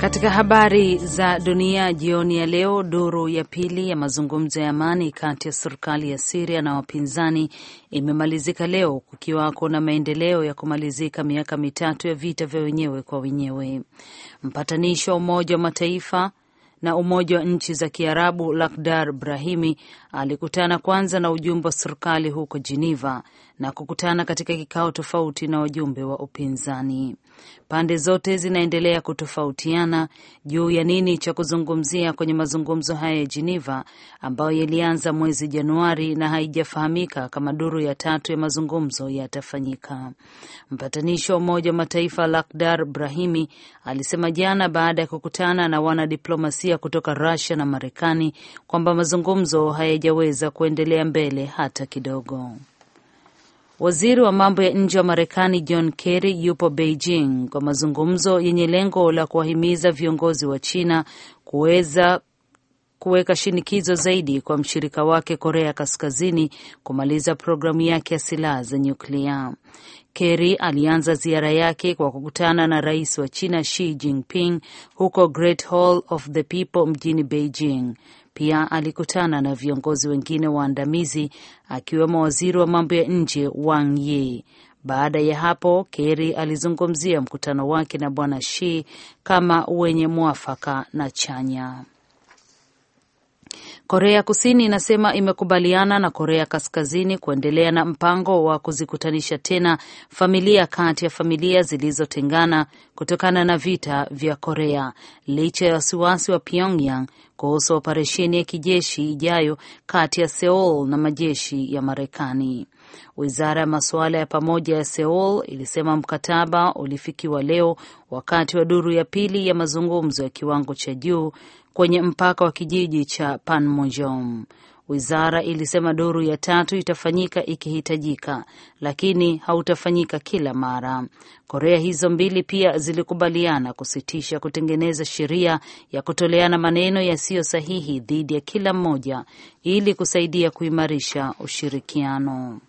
Katika habari za dunia jioni ya leo, duru ya pili ya mazungumzo ya amani kati ya serikali ya Siria na wapinzani imemalizika leo kukiwako na maendeleo ya kumalizika miaka mitatu ya vita vya wenyewe kwa wenyewe. Mpatanishi wa Umoja wa Mataifa na Umoja wa Nchi za Kiarabu Lakhdar Brahimi Alikutana kwanza na ujumbe wa serikali huko Geneva na kukutana katika kikao tofauti na wajumbe wa upinzani. Pande zote zinaendelea kutofautiana juu ya nini cha kuzungumzia kwenye mazungumzo haya ya Geneva ambayo yalianza mwezi Januari na haijafahamika kama duru ya tatu ya mazungumzo yatafanyika. Mpatanishi wa Umoja wa Mataifa Lakhdar Brahimi alisema jana baada ya kukutana na wanadiplomasia kutoka Russia na Marekani kwamba mazungumzo haya haijaweza kuendelea mbele hata kidogo. Waziri wa mambo ya nje wa Marekani John Kerry yupo Beijing kwa mazungumzo yenye lengo la kuwahimiza viongozi wa China kuweza kuweka shinikizo zaidi kwa mshirika wake Korea Kaskazini kumaliza programu yake ya silaha za nyuklia. Kerry alianza ziara yake kwa kukutana na rais wa China Xi Jinping huko Great Hall of the People mjini Beijing. Pia alikutana na viongozi wengine waandamizi akiwemo waziri wa mambo ya nje Wang Yi. Baada ya hapo, Kerry alizungumzia mkutano wake na Bwana shi kama wenye mwafaka na chanya. Korea Kusini inasema imekubaliana na Korea Kaskazini kuendelea na mpango wa kuzikutanisha tena familia kati ya familia zilizotengana kutokana na vita vya Korea licha ya wasiwasi wa Pyongyang kuhusu operesheni ya kijeshi ijayo kati ya Seoul na majeshi ya Marekani. Wizara ya masuala ya pamoja ya Seoul ilisema mkataba ulifikiwa leo wakati wa duru ya pili ya mazungumzo ya kiwango cha juu kwenye mpaka wa kijiji cha Panmunjom. Wizara ilisema duru ya tatu itafanyika ikihitajika, lakini hautafanyika kila mara. Korea hizo mbili pia zilikubaliana kusitisha kutengeneza sheria ya kutoleana maneno yasiyo sahihi dhidi ya kila mmoja ili kusaidia kuimarisha ushirikiano.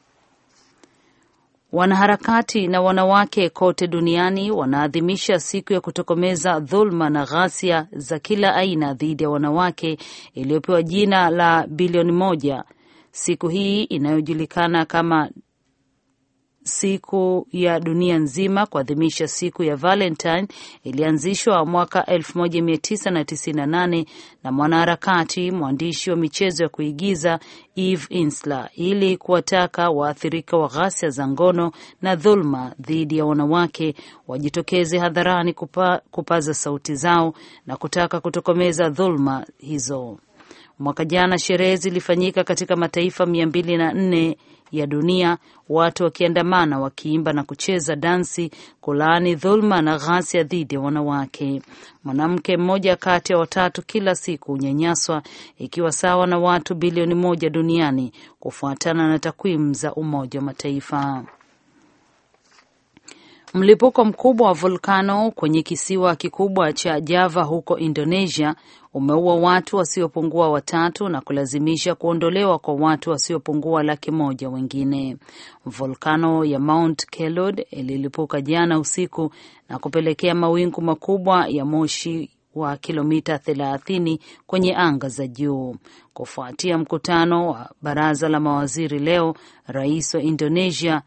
Wanaharakati na wanawake kote duniani wanaadhimisha siku ya kutokomeza dhulma na ghasia za kila aina dhidi ya wanawake iliyopewa jina la bilioni moja. Siku hii inayojulikana kama siku ya dunia nzima kuadhimisha siku ya Valentine ilianzishwa mwaka 1998 na mwanaharakati mwandishi wa michezo ya kuigiza Eve Ensler ili kuwataka waathirika wa ghasia za ngono na dhuluma dhidi ya wanawake wajitokeze hadharani kupa, kupaza sauti zao na kutaka kutokomeza dhuluma hizo. Mwaka jana sherehe zilifanyika katika mataifa mia mbili na nne ya dunia, watu wakiandamana wakiimba na kucheza dansi kulaani dhuluma na ghasia dhidi ya wanawake. Mwanamke mmoja kati ya watatu kila siku hunyanyaswa, ikiwa sawa na watu bilioni moja duniani, kufuatana na takwimu za Umoja wa Mataifa. Mlipuko mkubwa wa volkano kwenye kisiwa kikubwa cha Java huko Indonesia umeua watu wasiopungua watatu na kulazimisha kuondolewa kwa watu wasiopungua laki moja wengine. Volkano ya Mount Kelod ililipuka jana usiku na kupelekea mawingu makubwa ya moshi wa kilomita 30 kwenye anga za juu. Kufuatia mkutano wa baraza la mawaziri leo, rais wa Indonesia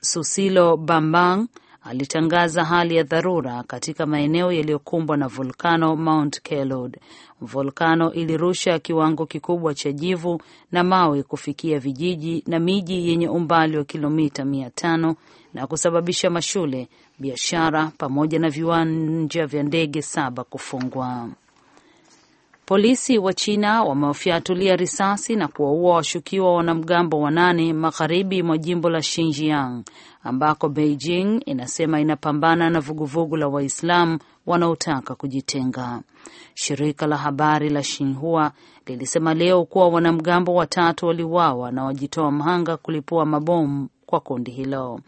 Susilo Bambang alitangaza hali ya dharura katika maeneo yaliyokumbwa na volkano Mount Kelod. Volkano ilirusha kiwango kikubwa cha jivu na mawe kufikia vijiji na miji yenye umbali wa kilomita mia tano na kusababisha mashule, biashara pamoja na viwanja vya ndege saba kufungwa. Polisi wa China wamewafyatulia risasi na kuwaua washukiwa wanamgambo wanane magharibi mwa jimbo la Xinjiang ambako Beijing inasema inapambana na vuguvugu la Waislamu wanaotaka kujitenga. Shirika la habari la Shinhua lilisema leo kuwa wanamgambo watatu waliuawa na wajitoa mhanga kulipua mabomu kwa kundi hilo.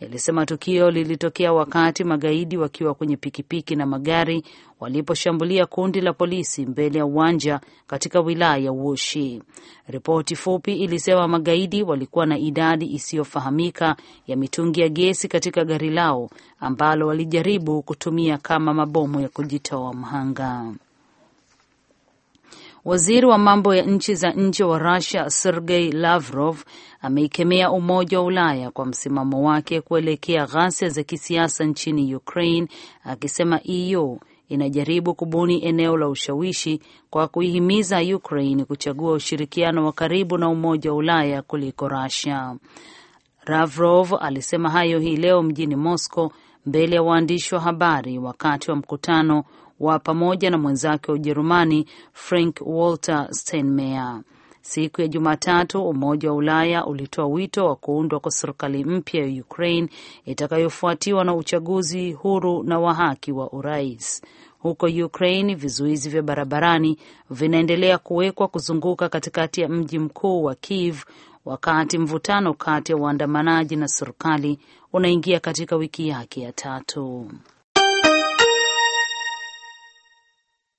Ilisema tukio lilitokea wakati magaidi wakiwa kwenye pikipiki na magari waliposhambulia kundi la polisi mbele ya uwanja katika wilaya ya Woshi. Ripoti fupi ilisema magaidi walikuwa na idadi isiyofahamika ya mitungi ya gesi katika gari lao ambalo walijaribu kutumia kama mabomu ya kujitoa mhanga. Waziri wa mambo ya nchi za nje wa Rusia Sergei Lavrov ameikemea Umoja wa Ulaya kwa msimamo wake kuelekea ghasia za kisiasa nchini Ukraine, akisema EU inajaribu kubuni eneo la ushawishi kwa kuihimiza Ukraine kuchagua ushirikiano wa karibu na Umoja wa Ulaya kuliko Rusia. Lavrov alisema hayo hii leo mjini Moscow mbele ya waandishi wa habari wakati wa mkutano wa pamoja na mwenzake wa Ujerumani Frank Walter Steinmeier. Siku ya Jumatatu, Umoja wa Ulaya ulitoa wito wa kuundwa kwa serikali mpya ya Ukraine itakayofuatiwa na uchaguzi huru na wa haki wa urais. Huko Ukraine, vizuizi vya barabarani vinaendelea kuwekwa kuzunguka katikati ya mji mkuu wa Kiev, wakati mvutano kati ya waandamanaji na serikali unaingia katika wiki yake ya tatu.